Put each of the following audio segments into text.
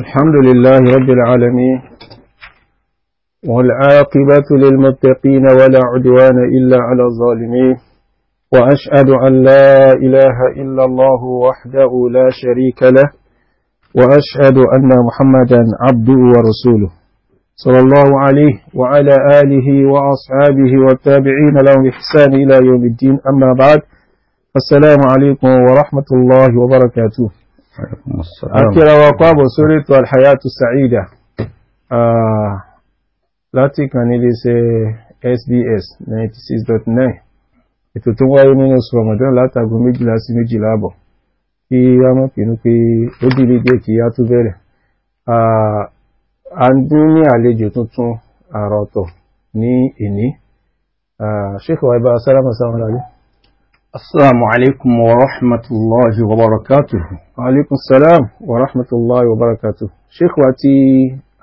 الحمد لله رب العالمين والعاقبة للمتقين ولا عدوان إلا على الظالمين وأشهد أن لا إله إلا الله وحده لا شريك له وأشهد أن محمدا عبده ورسوله صلى الله عليه وعلى آله وأصحابه والتابعين لهم إحسان إلى يوم الدين أما بعد السلام عليكم ورحمة الله وبركاته akira wa káàbọ̀ sórí ètò alhayatu sa'ida láti kan nílé iṣẹ́ sbs 96.9 ètò tó wáyé nínú oṣù ramadan látàgùn méjìlá sí méjìlá àbọ̀ kí a mọ̀ pínú pé ó dìrí díẹ̀ kí a tó bẹ̀rẹ̀ a ń dín ní àlejò tuntun àrọ̀tọ̀ ní ìní ṣékọ̀wá ibá sálámà lálẹ́ Assalamu alaikum wa rahmatullahi wa barakatuh. Wa alaikum salam wa rahmatullahi wa barakatuh. Sheikh wa ti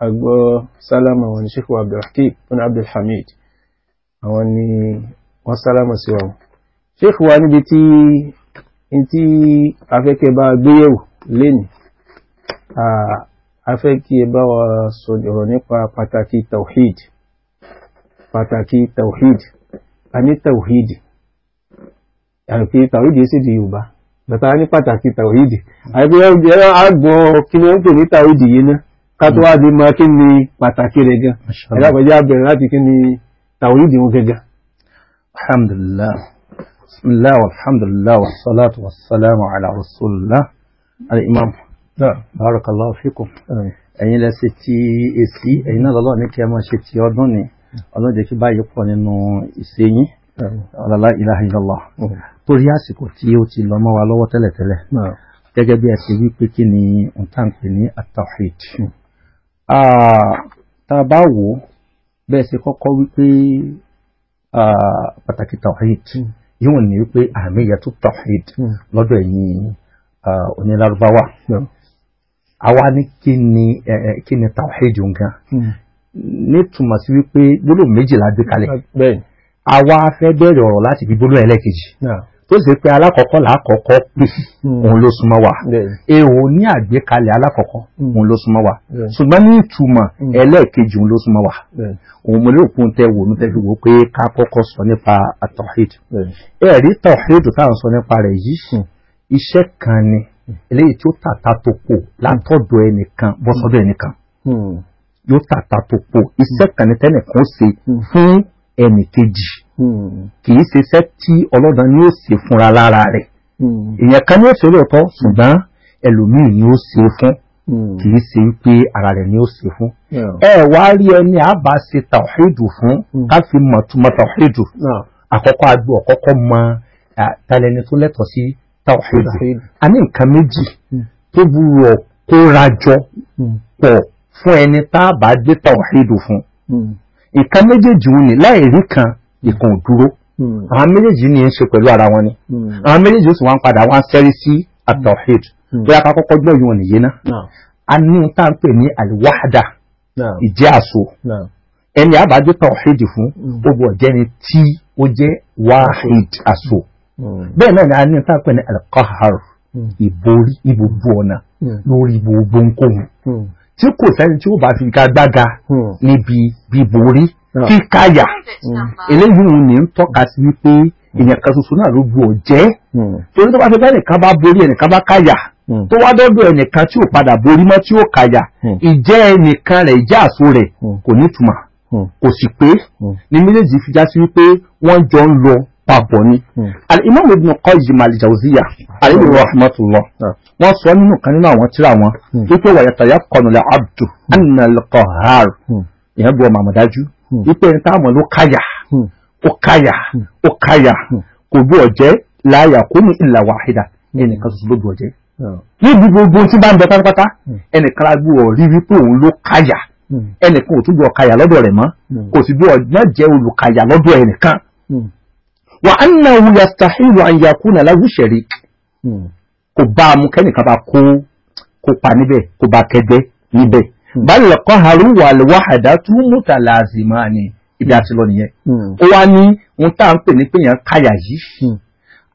agbọ́ sálámà wọn ni Sheikh wa Abdulrahim bin Abdulhamid. Àwọn ni wọ́n sálámà sí wọn. Sheikh wa níbi tí in tí afẹ́kẹ́ bá gbéyẹ̀wò lénìí. Afẹ́kẹ́ bá wa sọ̀rọ̀ nípa pàtàkì Tawhid. Pàtàkì Tawhid. A ní Tawhid yàrá pé tàwídì èsì di yorùbá bàtà ní pàtàkì tàwídì àìpé ẹ̀rọ àgbọn kí ni wọ́n pè ní tàwídì yìí ná ká wá di mọ kí ni pàtàkì rẹ̀ gan ẹ̀rọ àpẹjẹ abẹ̀rẹ̀ láti kí ni tàwídì wọn gẹ́gẹ́. alhamdulillah bismillah alhamdulillah wa salatu wa salamu ala rasulillah al-imam barakallahu fikum ẹ̀yin lẹ́sẹ̀ ti èsì ẹ̀yin náà lọ́lọ́ kí ẹ máa ṣe ti ọdún ni ọlọ́jẹ́ kí báyìí pọ̀ nínú ìsẹ́yìn ọ̀làlá ilaha illallah torí àsìkò tí ó ti lọ mọ́ wa lọ́wọ́ tẹ́lẹ̀tẹ́lẹ̀ gẹ́gẹ́ bí ẹ ṣe wí pé kí ni n ní atahid hmm. tá a bá wò ó bẹ́ẹ̀ ṣe kọ́kọ́ wí pé pàtàkì tawhid hmm. yóò ní wípé àmì ìyàtú tawhid hmm. lọ́dọ̀ ẹ̀yin onílárúbáwá àwa ní kí ni kí ni tawhid gan nítumọ̀ sí wípé gbólóhùn méjìlá gbé kalẹ̀ àwa fẹ́ bẹ̀rẹ̀ ọ̀rọ̀ láti fi gbólóhùn ẹlẹ́kejì tó ṣe pé alákọ̀ọ́kọ́ làákọ̀ọ́kọ́ pè hmm. òun ló súnmọ́ wa èèwò ní àgbékalẹ̀ alákọ̀ọ́kọ́ hmm. òun ló súnmọ́ wa ṣùgbọ́n ní ìtumọ̀ hmm. ẹlẹ́ẹ̀kejì òun ló súnmọ́ wa òun mo lérò pé ń tẹ wò ó tẹ fi wò ó pé ká kọ́kọ́ sọ nípa tawhid ẹ̀rí tawhid táwọn sọ nípa rẹ̀ yìí iṣẹ́ kan ni eléyìí tí ó tàta tó pò látọ̀dọ̀ ẹnìkan bọ́sọ́dọ̀ ẹnìkan yóò tàta tó pò iṣẹ́ kan ni tẹ́nìkan ṣe fún ẹnìkejì kì í ṣiṣẹ́ tí ọlọ́dàn ni ó ṣe fúnra lára rẹ̀ èèyàn kan ní ó ṣe lóòótọ́ ṣùgbọ́n ẹlòmíì ni ó ṣe fún kì í ṣe pé ara rẹ̀ ni ó ṣe fún ẹ wá rí ẹni àbá ṣe tàwíìdù fún mm. ká fi mọ̀ túmọ̀ tàwíìdù àkọ́kọ́ agbó ọ̀kọ́kọ́ mọ talẹ́ni tó lẹ́tọ̀ọ́ sí tàwíìdù a ní nǹkan méjì mm. tó burú kó rajọ mm. pọ̀ fún ẹni tá a bá gbé tàwíìdù fún nǹkan méjèèjì wọn ni láì rí kan ìkan ò dúró hmm. àwọn méjèèjì ní í ṣe pẹ̀lú ara wọn ni hmm. àwọn méjèèjì ó sì wá ń padà wá ń sẹ́rí sí atọ̀hìd hmm. bóyá ká kọ́kọ́ gbọ́ ìwọ̀n nìyẹn náà a ní tá à ń pè ní àlùwáhàdà ìjẹ́ àṣọ ẹni àbájọ tọ̀hìd fún gbogbo ọ̀jẹ́ni tí ó jẹ́ wáhìd àṣọ bẹ́ẹ̀ náà ni a ní tá à pè ní alqahar ìborí ibùbù ọ̀nà lórí gbogbo nkóhun tí kò sẹ́ni tí ó bá fi gagbága níbi bíborí kíkáyà ah. mm. eléyìí òun ní ń tọ́ka sí wípé èèyàn mm. kan ṣoṣo náà ló bu ọ̀jẹ́ mm. torí tó bá fi bá ẹnìkan bá borí ẹnìkan bá káyà tó wá dọ́dọ̀ ẹnìkan tí ò padà borí mọ́ tí ò káyà ìjẹ́ ẹnìkan rẹ̀ ìjẹ́ àṣọ rẹ̀ kò ní ìtumọ̀ kò sì pé ní méjèèjì fi já sí wípé wọ́n jọ ń lọ papọ̀ ni Al-Imam Ibn Qayyim al-Jawziyya ah. alayhi rahmatullah ah. wọ́n sọ nínú kan nínú àwọn tíra wọn wípé wa yatayaqqanu abdu anna al ìyẹn bu ọmọ àmọ̀dájú wípé ẹni táwọn ló káyà hmm. ó káyà hmm. ó káyà hmm. kò bí ọ̀jẹ́ láàyà kó ní ìlà wàhídà ẹnìkan ṣoṣo ló bí ọ̀jẹ́ níbi gbogbo tí bá ń bẹ pátápátá ẹnìkan lágbó ọ̀rí wípé òun ló káyà ẹnìkan ò tún bí ọ̀káyà lọ́dọ̀ rẹ̀ mọ́ kò sì bí ọ̀jẹ́ jẹ́ olùkáyà lọ́dọ̀ ẹnìkan wà á nà wù yastahilu àyàkúnà láwùṣẹ̀rí kò bá a mú kẹ́nìkan bá kó kópa níbẹ̀ kó bá kẹgbẹ́ níbẹ̀ Hmm. bal qaharu wal wahdatu mutalazimani ibi àti hmm. lọ nìyẹn hmm. ó wá ní ohun tá à ń pè ní péyàn káyà yìí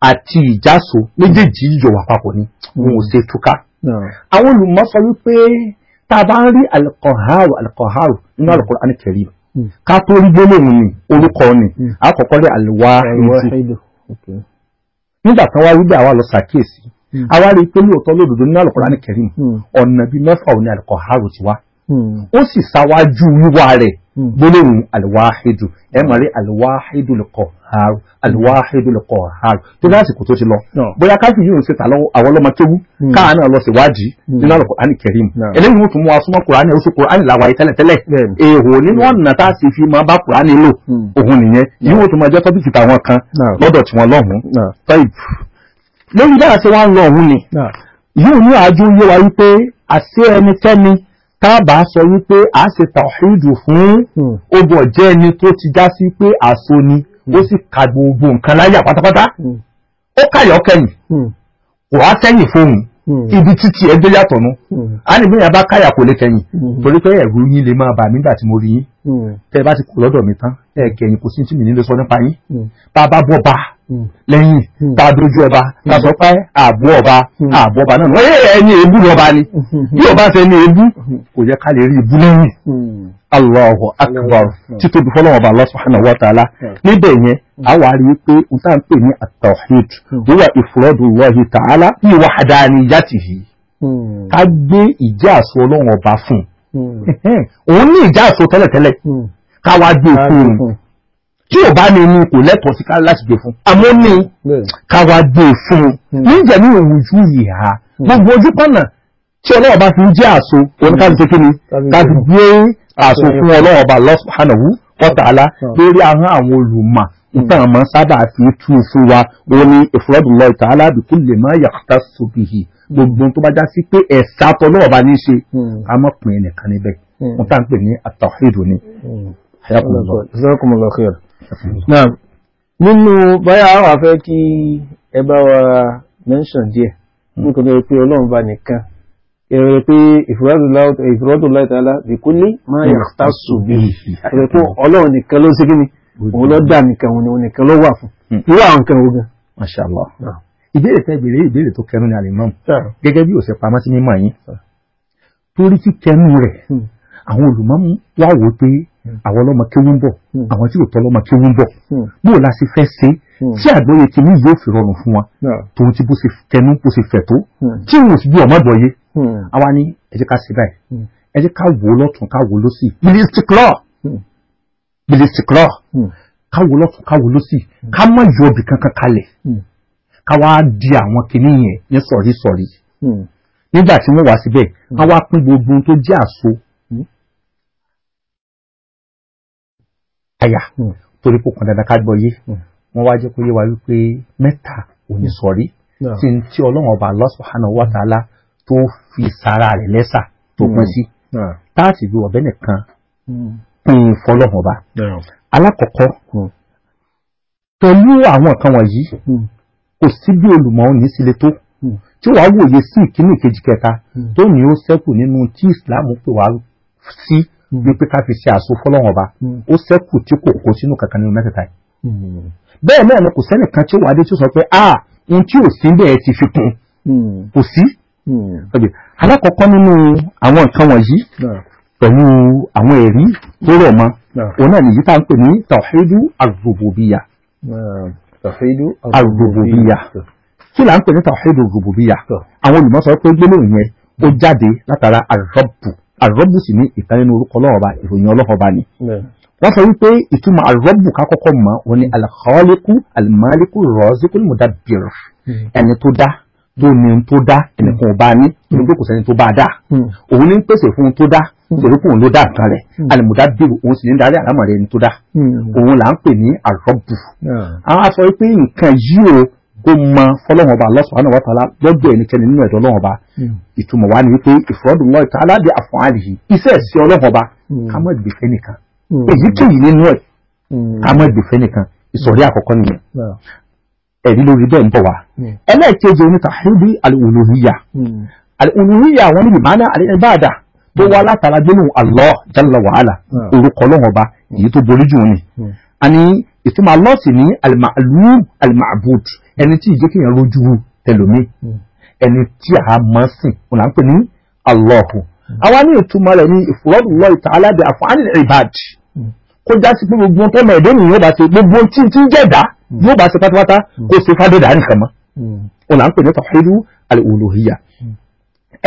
àti ìjáso méjèèjì yọ̀wà papọ̀ ni wọn ò ṣe túká àwọn olùmọ̀ sọ wípé tá a bá ń rí alqaharu alqaharu nínú Al-Qur'an Al-Karim ká tó rí gbólóhùn ni orúkọ ni àkọ́kọ́ rí al nígbà tán wá wíbẹ̀ àwa lọ ṣàkíyèsí àwa rí i pé lóòótọ́ lódodo nínú Al-Qur'an Al-Karim ọ̀nà bíi mẹ́fà ò ní alqaharu ti wá Hmm. ó sì ṣáwájú wíwá rẹ̀ hmm. gbólóhùn alwahidu ẹ mọ̀ rí alwahidu lqahhar alwahidu lqahhar tó lásìkò tó ti lọ hmm. bóyá káfí yóò ṣe tàlọ́ àwọn ọlọ́mọ kéwú káà náà lọ síwádìí nínú Al-Qur'ani Karim eléyìí wọ́n tún mú asúnmọ́ Kùránì oṣù Kùránì làwáyé tẹ́lẹ̀tẹ́lẹ̀ èèwò nínú ọ̀nà tá a sì fi máa bá Kùránì lò òun nìyẹn yìí wọ́n tún máa jẹ́ tọ́pìkì tàwọn kan lọ́dọ̀ tí yóò ní àjò yé wa wípé àṣẹ ẹnikẹ́ni tábà sọ wípé a ṣe tàwíìdù fún ó hmm. bọ̀ jẹ́ ẹni tó ti já sí pé àso ni hmm. ó sì ka gbogbo nǹkan láyà pátápátá hmm. ó kàyọ́ kẹyìn kò á sẹ́yìn fóun ibi títí ẹgbẹ́ yàtọ̀ nu a ní bí yẹn bá káyà kò lè kẹyìn torí pé ẹ̀rù yín lè máa bà mí nígbà tí mo rí yín tẹ́ ẹ bá ti kú lọ́dọ̀ mi tán ẹ kẹyìn kò sí tí mi nílé sọ nípa yín bá a bá bọ̀ bá a lẹ́yìn hmm. tá a dojú ọba tá a sọ pé hmm. ààbò ọba hmm. ààbò ọba náà wọ́n ẹni èébú lọ́ba ni bí ọba ṣe ẹni èébú kò yẹ ká lè rí èébú lẹ́yìn Allahu akbar títóbi fọlọ́wọ́n ọba Allah subhanahu wa ta'ala níbẹ̀ yẹn a wà rí pé n tá n pè ní at-tawhid huwa ifradullahi ta'ala bi wahdaniyatihi ká gbé ìjẹ́ àṣọ ọlọ́wọ́n ọba fún un òun ní ìjẹ́ àṣọ tẹ́lẹ̀tẹ́lẹ̀ ká wá gbé e fún un tí ò bá ní ní kò lẹ́tọ̀ọ́ sí ká láti gbé fún àmọ́ ní káwa gbé fún hmm. ní ìjẹ̀mí òwújú ìhà hmm. gbogbo ojú pọ̀nà tí ọlọ́wọ́ bá fi ń jẹ́ àṣọ oníkàbí ṣe kíni kábi gbé àṣọ fún hmm. ọlọ́wọ́ bá subhanahu wa ta'ala lórí ahọ́n àwọn olùmọ̀ nǹkan àmọ́ sábà fi tú fún wa ó ní ifradullahi ta'ala bi kulli ma yahtassu bihi gbogbo tó bá já sí pé ẹ̀sà tọ́lọ́wọ́ bá ní ṣe ká mọ̀ pín nìkan níbẹ̀ wọ́n tá ń pè ní at ni. Jazakumullahu náà nínú báyà àwọn afẹ́ kí ẹ bá wa mention díẹ̀ hmm. nítorí pé ọlọ́run bá nìkan ẹ̀rọ pé ìfúrọ́dù láìtàlá dìkú ní máa yà tásù bí ẹ̀rọ pé ọlọ́run nìkan ló sí kí ni òun ló dá nìkan òun òun nìkan ló wà fún hmm. irú àwọn nǹkan ogun. Masha Allah ìbéèrè tẹ́ ìbéèrè ìbéèrè tó kẹnu ní alimam gẹ́gẹ́ bí òsè pamọ́ sí mímọ́ yín torí tí kẹnu rẹ̀ hmm. àwọn olùmọ́mú wá wò pé Hmm. àwọn ọlọ́mọ kéwú ń bọ̀ hmm. àwọn tí òtọ́ ọlọ́mọ kéwú ń bọ̀ hmm. bóò la ṣe fẹ́ ṣe tí àgbọ́yé kìíní yóò fi rọrùn fún wa tòun ti bó ṣe tẹnu bó ṣe fẹ̀ tó tí òun sì bí ọmọ gbọ́yé àwa ni ẹ jẹ́ ká ṣe báyìí ẹ jẹ́ ká wò lọ́tún ká wò lọ́sì bilistikilọ́ bilistikilọ́ ká wò lọ́tún ká wò lọ́sì ká má yọ ibì kankan kalẹ̀ ká wá di àwọn kìíní yẹn ní sọ̀rí sọ̀rí nígbà tí wọ́n wá síbẹ̀ ká wá pín gbogbo tó jẹ́ àso àyà hmm. torí kò kàn dandan ká gbọ́ yé hmm. wọ́n wá jẹ́ kó yé wa wípé mẹ́ta ò ní hmm. sọ̀rí tí n tí ọlọ́run ọba Allah subhanahu wa ta'ala tó fi sára rẹ̀ lẹ́sà tó pín sí táàtì bí ọ̀bẹ nìkan pín in fọlọ́run ọba alákọ̀ọ́kọ́ pẹ̀lú àwọn nǹkan wọ̀nyí kò sí bí olùmọ̀ ò ní tó tí wàá wòye sí ìkíní ìkejì kẹta tó ní ó ṣẹ́kù nínú tí ìsìlámù pè wá sí gbé pé ká fi ṣe àṣọ fọlọ́wọ́n ọba hmm. ó sẹ́kù tí kò kó sínú kankan nínú mẹ́tẹ̀ẹ̀ta yìí hmm. bẹ́ẹ̀ náà ni kò sẹ́nìkan tí ó wà dé tí ó sọ pé ah n tí ò sí bẹ́ẹ̀ ti fi kún hmm. kò sí alákọ̀ọ́kọ́ nínú àwọn nǹkan wọ̀nyí pẹ̀lú àwọn ẹ̀rí tó rọ̀ mọ́ òun náà nìyí tá à ń pè ní tawhidu ar-rububiyya tawhidu ar-rububiyya kí là ń pè ní tawhidu ar àwọn olùmọ̀ sọ pé gbólóhùn yẹn ó jáde látara ar àrọ́bù sì ní ìkan nínú orúkọ ọlọ́ọ̀ba ìròyìn ọlọ́ọ̀ba ni. wọ́n sọ wípé ìtumọ̀ àrọ́bù kákọ́kọ́ mọ́ òun ni alkhaliku almaliku rọ́ọ̀sìkú mudabbir hmm. ẹni tó dá tó ní tó dá ẹnìkan ọba ní tó hmm. ní pé kò sẹ́ni tó bá dá hmm. òun ní pèsè fún tó dá torí kóun ló dá nǹkan rẹ̀ almudabbiru òun sì ní darí àlámọ̀ ẹni tó dá òun là ń pè ní àrọ́bù àwọn aṣọ wípé nǹkan yìí o ó mọ fọlọ́wọ́n ọba lọ́sọ̀rọ̀ àwọn ọ̀tàlá lọ́dọ̀ ẹnikẹ́ni nínú ẹ̀dọ́ ọlọ́wọ́n ọba hmm. ìtumọ̀ wa ni wípé ìfọ̀rọ̀dùn lọ́ọ̀ ìta aládé àfọ̀hánì yìí iṣẹ́ ẹ̀sìn ọlọ́wọ́n ọba hmm. ká mọ̀ gbèfẹ́ nìkan hmm. èyíkéyìí nínú ẹ̀ ká mọ̀ gbèfẹ́ nìkan ìsọ̀rí àkọ́kọ́ nìyẹn ẹ̀rí lórí bẹ́ẹ̀ ń bọ̀ wá ẹlẹ́ẹ̀kejì onítàhídì alùlùhíyà alùlùhíyà wọn ní ìmáná àlẹ́bàdà tó ìtumọ̀ Allah ní al-ma'lum ẹni tí ìjẹ́ kéèyàn rojú tẹlòmíì hmm. ẹni tí a mọ̀ sìn òun là ní Allahu hmm. àwa ní ìtumọ̀ rẹ̀ ní ìfúrọ́dù lọ ìta aláde àfààní ìbàdì kó já sí pé gbogbo tọ́mọ ẹ̀dẹ́ nìyẹn yóò bá ṣe gbogbo tí tí ń jẹ̀dá hmm. yóò bá ṣe pátápátá kó ṣe fádẹ́dà nìkan mọ́ òun là ń pè ní tawhidu al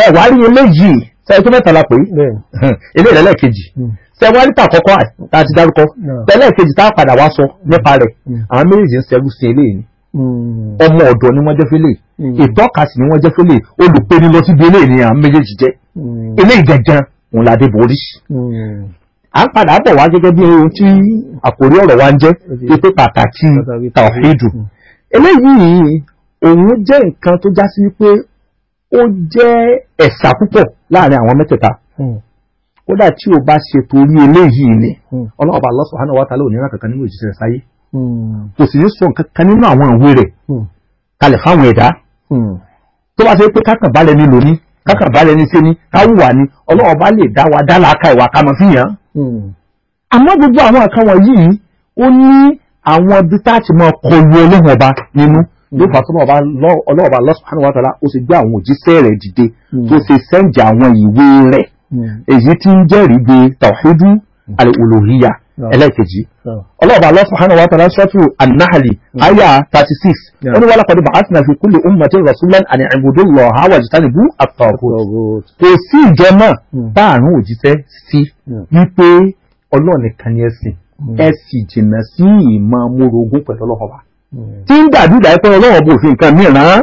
ẹ wàá rí eléyìí sẹ́yìn tó mẹ́ta la pè é eléyìí rẹ̀ sẹ́yìn wá níta àkọ́kọ́ tá a ti dárúkọ tẹ́lẹ̀kejì tá a padà wá sọ nípa rẹ̀ àwọn méjèèjì ń ṣẹ́gun sí eléyìí Hmm. ọmọ ọ̀dọ̀ ni wọ́n jẹ́ fẹ́lẹ̀ hmm. ìtọ́kasì ni wọ́n jẹ́ fẹ́lẹ̀ olùpeni lọ síbi eléyìí ni à ń méjèèjì jẹ́ eléyìí hmm. gangan òun la dé borí. à ń padà bọ̀ wá gẹ́gẹ́ bí ohun tí àkórí ọ̀rọ̀ wa ń jẹ́ ètò pàtàkì tàwíìdù eléyìí òun jẹ́ nǹkan tó já sí wípé ó jẹ́ ẹ̀sà púpọ̀ láàrin àwọn mẹ́tẹ̀ẹ̀ta kódà tí o bá ṣe torí eléyìí ni ọlọ́ọ̀bà Allah subhanahu wa ta'ala Hmm. kò sì ní sọ nǹkan kan nínú àwọn ìwé rẹ̀ hmm. kalẹ̀ fáwọn ẹ̀dá hmm. tó bá ṣe pé ni kákan balẹ̀ ni ni káwùwà ni ọlọ́wọ́ bá lè dá wa dá làákà ìwà ká mọ̀ fìyàn. àmọ́ gbogbo àwọn nǹkan wọ̀nyí ó ní àwọn ibi tá a ti máa ọba nínú ló fà tó ọlọ́run ọba subhanahu wa ta'ala ó sì gbé àwọn òjíṣẹ́ rẹ̀ dìde tó ṣe sẹ́ǹjì àwọn ìwé rẹ̀ èyí tí ń jẹ́rìí gbé al'uluhiyya ẹlẹ́ẹ̀kejì ọlọ́ọ̀bà Allah subhanahu wa ta'ala sọ́tù annahali aya 36 wọ́n ni wọ́n lápàdé bá átìnà fi kulli ummati rasulan àni àìbòdó lọ hawa jìtá nìbú àtọ̀kọ̀ kò sí ìjọ náà báàrùn hmm. òjíṣẹ́ sí wípé ọlọ́ọ̀nìkan ni ẹ̀sìn hmm. ẹ sì jìnà sí ìmọ̀ amúrogún pẹ̀lú ọlọ́ọ̀bà hmm. tí ń dàbí ìdá ẹ̀pẹ́ ọlọ́ọ̀bà òfin nǹkan mìíràn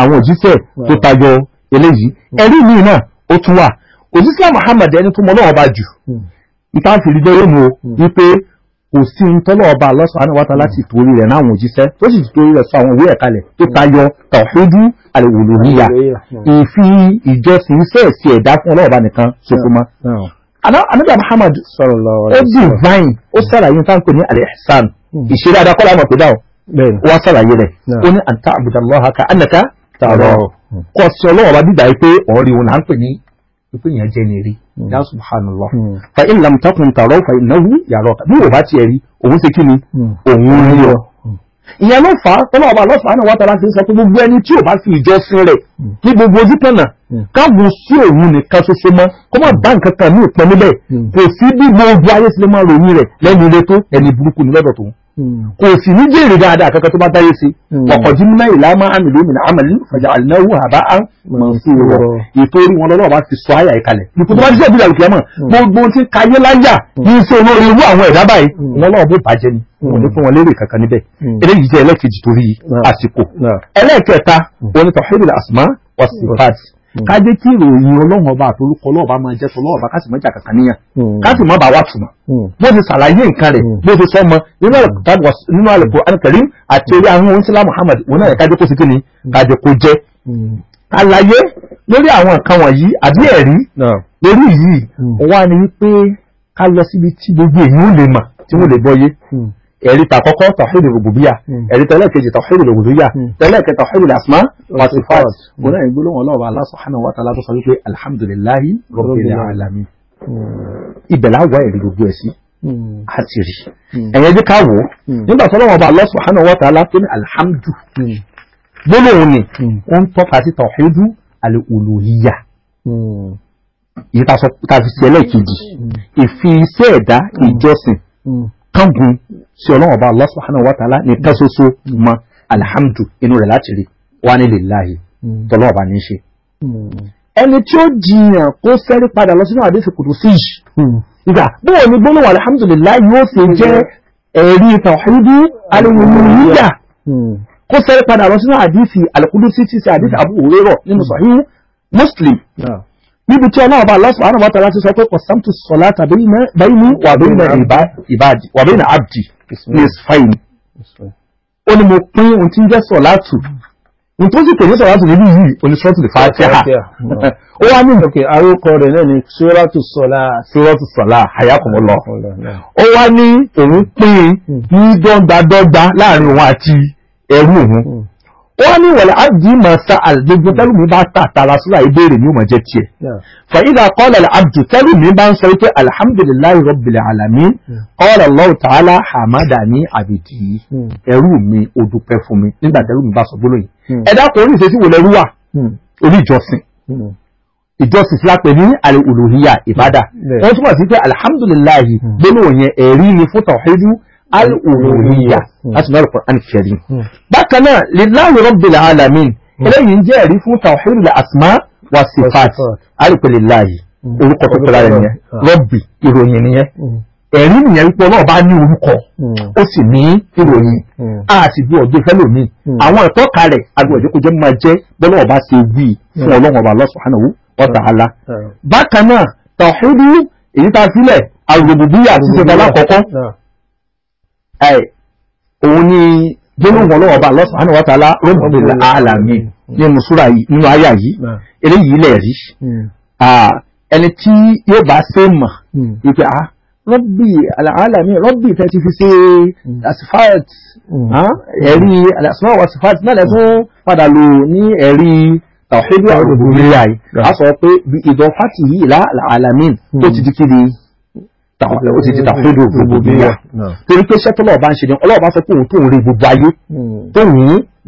àwọn òjíṣẹ́ tó tayọ eléyìí ẹ̀rí mi náà wà òjíṣẹ́ Muhammad ẹni tó mọ ọlọ́ọ̀bà jù ìtàṣírí jẹ́ yóò mú hmm. wípé kò sí ohun tọ́lọ̀ ọba lọ́sàn-án wáta láti torí rẹ̀ náà òjíṣẹ́ tó sì torí rẹ̀ sọ àwọn ìwé ẹ̀kalẹ̀ tó hmm. tayọ tọ̀fíjú àlèwòlòríyà hmm. ìfi ìjọsìn iṣẹ́ ẹ̀sì ẹ̀dá fún ọlọ́ọ̀bá nìkan ṣoṣo mọ́. anábíà Muhammad ó divine ó sàlàyé tá n pè ní alẹ́sàn ìṣe dáadáa kọ́lá ọmọ pẹ̀lú àwọn wá sàlàyé rẹ̀ ó ní àǹtá àbùdàlọ́ha ká ànàká tààrọ̀ kọ́ sí ọlọ́ọ̀bá ya subhanallah fa in lam takun taro fa innahu yaraka bí o bá tiẹ̀ rí òun ṣe kí ni mm. òun rí ọ mm. ìyẹn ló fà á tọ́lá ọba lọ́sàn án wà tọ́lá ti sọ pé gbogbo ẹni tí ò bá fi ìjọsìn rẹ̀ mm. ní gbogbo ojú kan káàbù sí òun nìkan ṣoṣo mọ́ kó má bá nǹkan kan ní ìpọn níbẹ̀ kò sí bí gbogbo ayé ti ròyìn rẹ̀ lẹ́nu ilé tó ẹni burúkú ni lọ́dọ̀ tòun kò sì ní jèrè dáadáa kankan tó bá táyé sí hmm. ọkọ̀ jí múná ìlà máa àmì lómi ní àmàlí ọjà àlìnáwó àbá á mọ̀ hmm. sí ọ̀rọ̀ ètò orí wọn lọ́wọ́ bá ti sọ àyà ìkalẹ̀ nípa tó bá ti sẹ́gbìlà òkè ọmọ gbogbo tí káyé láyà hmm. ní iṣẹ́ olórí irú àwọn ẹ̀dá báyìí wọn lọ́wọ́ bó bàjẹ́ ni wọn ní fún wọn lérè kankan níbẹ̀ eléyìí jẹ́ ẹlẹ́kejì torí àsìkò ẹlẹ́kẹta wọn ni tọ́hídìlà Mm. ká jẹ́ kí ìròyìn ọlọ́run ọba àtolúkọ ọlọ́ọ̀ba máa jẹ́ sọ ọlọ́ọ̀ba ká sì mọ́jà kankan níyàn mm. ká sì mọ́ bá wa tùmọ̀ bó mm. ti ṣàlàyé nǹkan rẹ̀ bó ti sọ́mọ nínú àlùkò ankarim àti orí àwọn ohun sílá Muhammad wọn náà ká jẹ́ kó sí kíni ká jẹ́ kó jẹ́ àlàyé lórí àwọn nǹkan wọ̀nyí àbí ẹ̀rí lórí yìí wá ni wípé ká lọ síbi tí gbogbo èèyàn ò lè mà tí wọ́n lè bọ́yé ẹ̀rí tàkọ́kọ́ tàwhídì rùbùbíyà hmm. ẹ̀rí tẹ́lẹ̀kejì tàwhídì lògùdúyà hmm. tẹ́lẹ̀kẹ́ tàwhídì hmm. làsmá wàsífàt gbọ́dọ̀ ìgbólóhùn ọlọ́ọ̀bà Allah subhanahu wa ta'ala tó sọ wípé alhamdulillahi rabbil alamin ibẹ̀ láwọ̀ ẹ̀rí gbogbo ẹ̀ sí àti rí ẹ̀yẹn bí káwò nígbà tó lọ́wọ́ ọba Allah subhanahu wa ta'ala tó ní alhamdu gbólóhùn ni wọ́n tọ́ka sí tàwhídù kángun sí ọlọ́run ọba Allah subhanahu wa ta'ala nìkan ṣoṣo mọ alihamdu inú rẹ̀ láti rí wà ní lillahi tọ́lọ́run ọba ní í ṣe. ẹni tí ó jiyàn kó sẹ́rí padà lọ sínú àdéhùn kùtù sí yìí ìgbà bóyá ní gbólóhùn alihamdulilayi yóò ṣe jẹ́ ẹ̀rí tàwáhídú alùmùmùmíyà kó sẹ́rí padà lọ sínú àdéhùn alùkùdù sí àdéhùn Abu Hurairah nínú Sahih Muslim níbi tí ọlọ́ọ̀bá lọ́sùnmọ́ wọ́n tara sí sọ pé kọ̀sántù sọ̀lá tàbí bẹ́ẹ̀ni wà bẹ́ẹ̀ ní abdi fine. ó ní mo pín ohun tí ń jẹ́ sọ̀látù ohun tó sì pè ní sọ̀látù níbi yìí oníṣọ́tù lè fàtíhà ó wá ní òkè àrókọ rẹ̀ náà ni sọ́látù sọ̀lá sọ́látù sọ̀lá àyàkùnmọ́ lọ ó wá ní òun pín hmm. ní dọ́gbadọ́gba láàrin òun àti ẹrú òun hmm wọ́n ní wọ̀lẹ̀ abdi ma sa àgbègbè tẹ́lù mi bá ta tààrà síra ìbéèrè ni ó mọ̀ jẹ́ tiẹ̀. fa idha qala al-abdu tẹ́lù mi bá ń sọ wípé alhamdulillahi rabbil alamin qala Allahu ta'ala hamadani abidi hmm. ẹrú mi ó dúpẹ́ fún mi nígbà tẹ́lù mi bá sọ gbólóyìn. Hmm. ẹ̀dá kò rí ìṣesí wò lẹ́rú hmm. orí ìjọsìn ìjọsìn sílá pè ní ìbádà wọ́n túmọ̀ sí pé alhamdulillahi gbólóyìn ẹ̀rí ni fún tawhidu al-uluhiyya hmm. asùnmọ́ al-Qur'an al-Karim hmm. bákan náà lillahi rabbil alamin hmm. eléyìí ń jẹ́ ẹ̀rí fún tawhid al-asma wa sifat alùpẹ̀lẹ̀ láàyè orúkọ tó pẹ̀lá rẹ̀ nìyẹn rọ́bì ìròyìn nìyẹn ẹ̀rí nìyẹn wípé ọlọ́ọ̀ bá ní orúkọ ó sì ní ìròyìn a sì gbé ọjọ́ ìfẹ́ lòmíì àwọn ìtọ́ka rẹ̀ agbọ̀dọ̀ kò jẹ́ máa jẹ́ bọ́lọ́ọ̀ bá ṣe wí fún ọlọ́run ọba Allah subhanahu wa ta'ala bákan náà tawhid èyí ta sílẹ̀ àrùbùbíyà àti ìṣẹ̀dá lákọ̀ọ́kọ́ òun ni gbólóhùn ọlọ́wọ́ bá lọ́sàn án wọ́ta lá rọ́bìnrin àlàmì nínú súra nínú àyà yìí eléyìí ilẹ̀ rí hmm. ẹni tí yóò bá ṣe mọ̀ ìpè á rọ́bì àlàmì rọ́bì tẹ́ ti fi ṣe hmm. asifat hmm. ah, ẹ̀rí àlàsùnmọ́ wa asifat náà lẹ́tún padà lò ní ẹ̀rí tàwídìí àwọn òbí rí àyè á sọ pé ìdọ̀fàtì yìí lá tó ti di kéde tàwọn ó ti ti ta fúdù gbogbogbìyà torí pé iṣẹ́ tọ́lọ̀ bá ń ṣe ni ọlọ́run bá sọ pé òun tóun rí gbogbo ayé hmm. tóun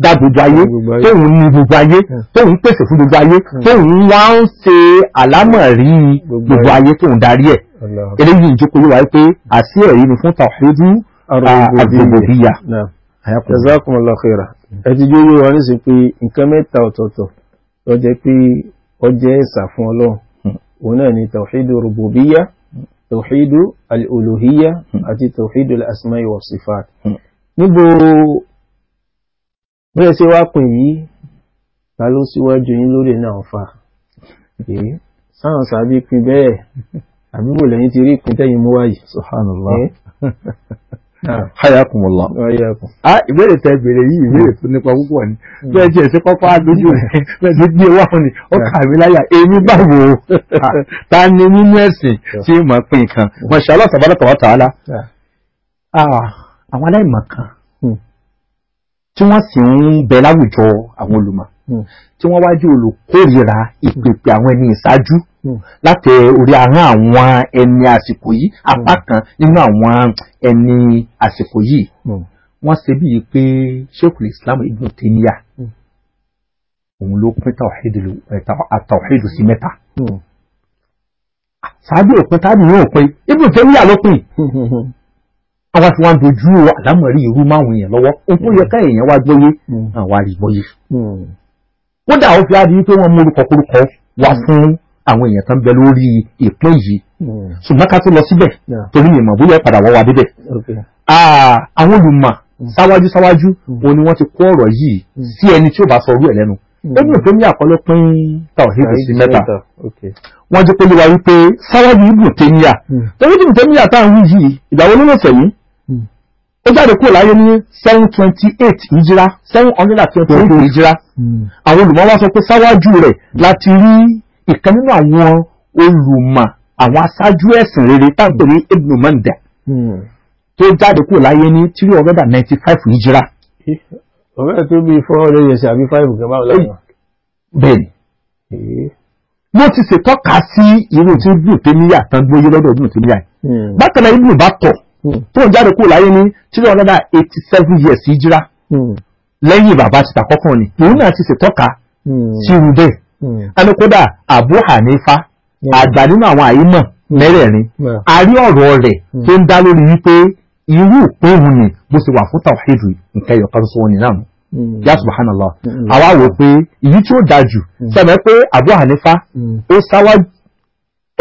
dá gbogbo ayé tóun ní gbogbo ayé hmm. tóun pèsè fún gbogbo ayé hmm. tóun wá ń ṣe àlámọ̀rí gbogbo ayé tóun darí ẹ̀ eléyìí ìjókòó yóò wáyé pé àṣì ẹ̀rí ni fún tàfídù àgbègbèbíyà. jazakumullahu khaira ẹ ti jóyè wa ní sí pé nǹkan mẹ́ta ọ̀tọ̀ọ̀tọ̀ ló jẹ́ pé ó jẹ́ ẹ̀sà fún ọlọ́run òun náà ni tàfídù rògbòbíyà tawhidu al-uluhiyya àti tawhidu al-asma'i wa sifat hmm. níbo bẹ́ẹ̀ sí wá pè yí ta ló síwájú yín lórí náà fa èyí sáwọn sàbí bẹ́ẹ̀ àbíbò lẹ́yìn ti rí ìpín tẹ́yìn mú wáyìí hayakum Allah. a ìbéèrè tẹ béèrè yìí ìbéèrè fún nípa púpọ̀ ni hmm. bẹ́ẹ̀ jẹ́ ṣe kọ́kọ́ àdójú rẹ̀ bẹ́ẹ̀ ti gbé wá fún ni ó hmm. kà mí láyà èmi báwo hmm. ta ni nínú ẹ̀sìn tí mo pè nǹkan Masha Allah Tabarak wa Ta'ala. Ah, àwọn aláìmọ̀ kan tí wọ́n sì ń bẹ láwùjọ àwọn olùmọ̀ tí wọ́n wájú olùkórìíra ìpèpè àwọn ẹni ìṣáájú. Hmm. láti orí ahọ́n àwọn ẹni àsìkò yìí apá hmm. kan nínú àwọn ẹni àsìkò yìí hmm. wọ́n ṣe bíi pé sheikul islam ibn taymiya òun ló pín tàwáhídù sí mẹ́ta sáájú òpin táàbì yóò pin ibn taymiya ló pin àwọn tí wọ́n ń dojú àlámọ̀rí irú máwọn èèyàn lọ́wọ́ ohun tó yẹ ká èèyàn wá gbọ́yé àwọn àrí kódà ó fi á di wípé mú orúkọ kórúkọ wá fún àwọn èèyàn kan bẹ lórí ìpín yìí hmm. ṣùgbọ́n ká tó lọ síbẹ̀ torí ìmọ̀ bóyá ìpadà wọ́n wa débẹ̀ àwọn olùmọ̀ hmm. sáwájú sáwájú hmm. òun ni wọ́n ti kó ọ̀rọ̀ yìí sí ẹni tí ó bá sọ orú ẹ̀ lẹ́nu ẹni tó ní àkọlé pín tàwọ̀hìn sí mẹ́ta wọ́n jẹ́ pé lè wa wípé sáwájú ibùn tẹ́míà torí ibùn tẹ́míà tá à ń wí yìí ìgbàwó ló lọ́sẹ̀ yìí ó jáde kúrò láyé ní seven twenty eight ìjírá seven hundred and twenty eight ìjírá àwọn olùmọ̀ wá sọ pé sáwájú rẹ̀ láti rí ìkan nínú àwọn olùmọ̀ àwọn aṣáájú ẹ̀sìn rere táǹpẹ̀ ní Ibn Manda hmm. tó jáde kúrò láyé ní three hundred and ninety five hijira. Eh, ọ̀rẹ́ tó bí four hundred years àbí five kan báwo lọ́wọ́. bẹ́ẹ̀ni eh. mo ti ṣètọ́ka sí irú tí Ibn Taymiyyah tán gbóyé lọ́dọ̀ Ibn Taymiyyah hmm. bákan náà Ibn Battah hmm. tó ń jáde kúrò láyé ní three hundred and eighty seven years hijira lẹ́yìn bàbá ti tàkọ́kọ́ ni òun náà ti ṣètọ́ka sí irú bẹ́ẹ̀. Hmm. ẹni kódà Abu Hanifa hmm. àgbà nínú àwọn àyímọ̀ hmm. mẹ́rẹ̀ẹ̀rin a rí ọ̀rọ̀ rẹ̀ tó ń dá lórí wípé irú òpéhùn ni bó ṣe wà fún tàwáhìdù nǹkan ẹ̀yọ̀ kan sọ́wọ́n nínú àmú yá subhanallah àwa wò pé èyí tí ó dáa jù sẹ́mi pé Abu Hanifa ó sáwájú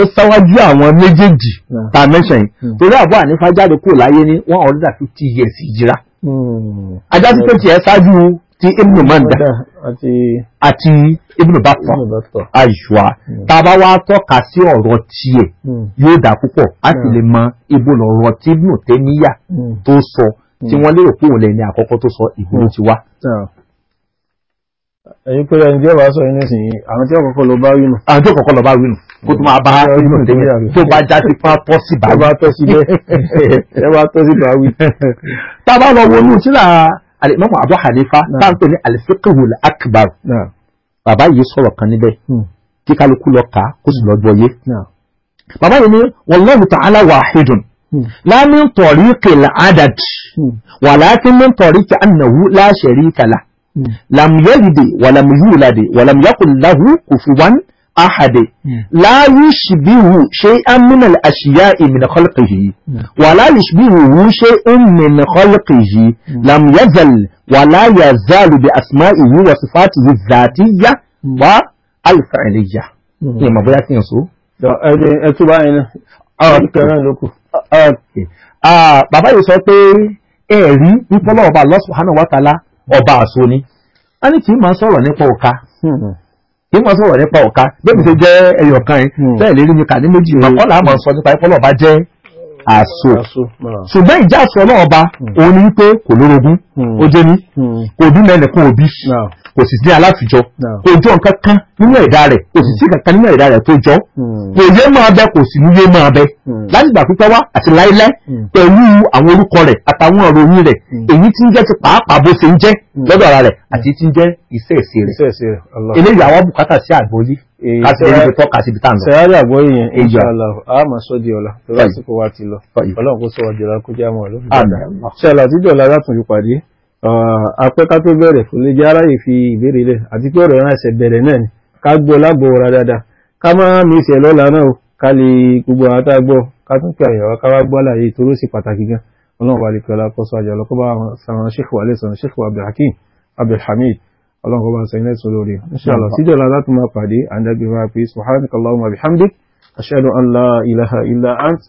ó sáwájú àwọn méjèèjì tá a mẹ́sàn yìí torí Abu Hanifa jáde kúrò láyé ní one hundred and fifty years ìjìrá ajá sí pé tiẹ̀ ṣáájú ti ibnu manda àti ibnu bàtà àìṣùà tàbá wá tọ́ka sí ọ̀rọ̀ tiẹ̀ hmm. yóò dà púpọ̀ a sì hmm. lè mọ ibo lọ̀rọ̀ tí ibnu tẹ́míyà hmm. tó sọ tí wọ́n lérò pé òun lẹ́ni àkọ́kọ́ tó sọ ìgbóhùn ti wá. èyí pé ẹni tí bá sọ yín nísìnyí àwọn tí ọkọ̀ọ̀kọ̀ lọ bá wínú. àwọn tí ọkọ̀ọ̀kọ̀ lọ bá wínú kó tó máa bá ibnu tẹ́míyà tó bá já sí pa tọ́ sí bá wí. tó bá tọ́ sí bẹ́ẹ̀ ẹ bá tọ́ sí bá wí. lọ wọnú sílà الإمام أبو حنيفة نعم. تانتو ني الفقه الأكبر نعم. بابا يسوى قنبه كي قالوا كل وقع قسل ودوية نعم. بابا يمي والله تعالى واحد لا من طريق العدد ولكن من طريق أنه لا شريك له لم يلد ولم يولد ولم يقل له كفوا ahade la yushbihu shay'an min al-ashya'i min khalqihi wa la yushbihu shay'un min khalqihi lam yazal wa la yazalu bi asma'ihi wa sifatihi adh-dhatiyyah wa al-fi'liyyah ni mo bóyá tin sọ ẹ tu ba yin ah kan lókù ah bàbá yìí sọ pé ẹ̀rí wípọ́lọ́ọ̀bá Allah subhanahu wa ta'ala ọba àṣọ ni a ní kì í máa sọ̀rọ̀ nípa ọ̀ka kí wọ́n sọ̀rọ̀ nípa ọ̀ka bẹ́ẹ̀ ṣe jẹ́ ẹyọ kan yẹn hmm. bẹ́ẹ̀ lè rí mi kà ní méjì wọn hmm. kọ́ làá mọ̀ sọ nípa ìfọ́lọ́ ọba jẹ́ àṣọ ṣùgbọ́n ìjà àṣọ náà ọba hmm. òun ni wípé kò lórogún ó jẹ́ ní kò bí mẹ́nìkan òbí kò sì sí aláfijọ́ kò jọ nǹkan kan nínú ẹ̀dá rẹ̀ kò sì sí kankan nínú ẹ̀dá rẹ̀ tó jọ hmm. kò yé máa bẹ kò sì ní yé máa bẹ hmm. láti ìgbà pípẹ́ wá àti láéláé hmm. pẹ̀lú àwọn orúkọ rẹ̀ àtàwọn ìròyìn rẹ̀ èyí tí ń jẹ́ ti pàápàá bó ṣe ń jẹ́ lọ́dọ̀ ara rẹ̀ àti tí ń jẹ́ iṣẹ́ ìṣe rẹ̀ eléyìí àwọn bùkátà sí àgbọ́yé káṣí ẹni tó tọ́ka síbi tá à apẹ́ ah, ká tó bẹ̀rẹ̀ kò lè jẹ́ aráyè fi ìbéèrè lẹ̀ àti pé ọ̀rọ̀ náà ṣẹ̀ bẹ̀rẹ̀ náà ni ká gbọ́ lágbọ̀ọ́ra dáadáa ká má mísẹ̀ lọ́la náà o ká lè gbogbo àwọn tá a gbọ́ ká tún pé àyẹ̀wò ká wá gbọ́ àlàyé tó ló sì pàtàkì gan ọlọ́run wà lẹ́kọ̀ọ́ lákọ́sọ àjọ ọlọ́kọ́ bá sàrán sheikh wà lẹ́sàn sheikh abdulhakeem abdulhamid ọlọ́run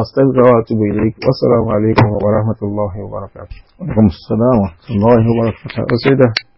أستغفر وأتوب إليك والسلام عليكم ورحمة الله وبركاته وعليكم السلام ورحمة الله وبركاته